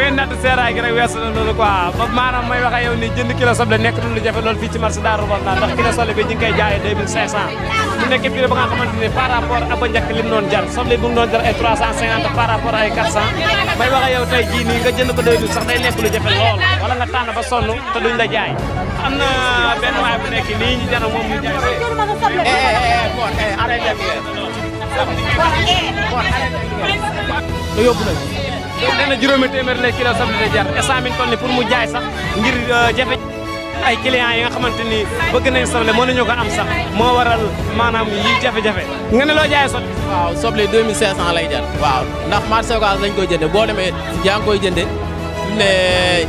fu ñu natt seeraay gi rek weesu na loolu quoi ba maanaam may wax ak yow nii jënd kilo soble nekk lu jafe loolu fii ci marché Darou Rondane ndax kilo soble bi ñu ngi koy jaayee 2500 bu nekkee prix ba nga xamante ni par rapport ak ba njëkk li mu doon jar soble bu mu doon jar ay par rapport ay 400 may wax ak yow tey jii nii nga jënd ko 2000 sax day nekk lu jafe lool wala nga tànn ba sonn te duñ la jaay am na benn waay bu nekk nii ñu jar moom ñu jaay bon arrêté nee na juróomi téeméer lay kilo soble day jar instant bi ñu pour mu jaay sax ngir euh, jafe ay clients yi nga xamante ni bëgg nañ soble mënuñu ko am sax moo waral maanaam yi jafe-jafe nga ne loo soble waaw soble 2500 lay jar waaw ndax marché occas lañ koy jënde boo demee yaa ngi koy jënde ne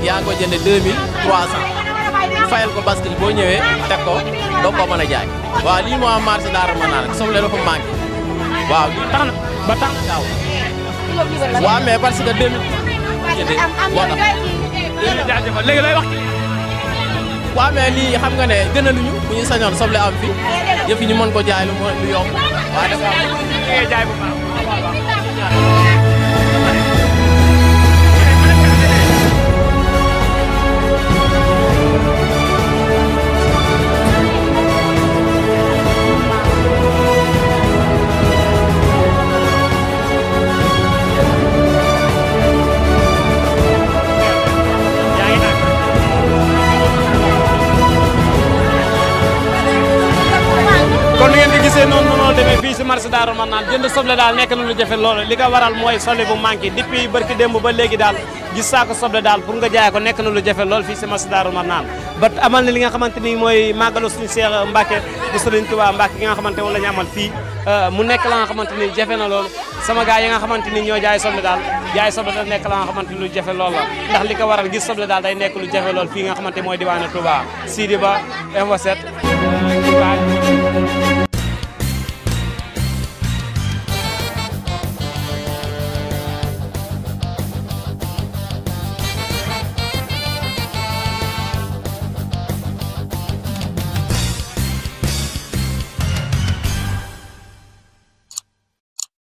yaa ngi koy jënde 2300 fayal ko bascule boo ñëwee teg ko doo ko mën a jaay waaw lii moo am marché daara mën naa rek soble dafa manqué waaw lii tax na waaw mais parce que deux mille. léegi lay wax. waaw mais xam nga ne gën a luñu bu ñu sañoon soble am fi yëf yi ñu mën ko jaay lu mu gisee noonu mënoo demee fii si marché Daaru Marnaan jënd soble daal nekk na lu jafe loolu li ko waral mooy soble bu manqué depuis barki démb ba léegi daal gis saako soble daal pour nga jaay ko nekk na jafe lool fii si marché Daaru Marnaan ba amal na li nga xamante ni mooy màggalu suñu Seex Mbàkke bu Sëriñ Tuubaa gi nga xamante moom la amal fii euh, mu nekk la nga xamante ni jafe na loolu sama gars yi nga xamante ni ñoo jaay soble daal jaay soble daal nekk la nga xamante ni lu jafe lool la ndax li ko waral gis soble daal day nekk lu jafe lool fii nga xamante mooy diwaanu Touba Sidi Ba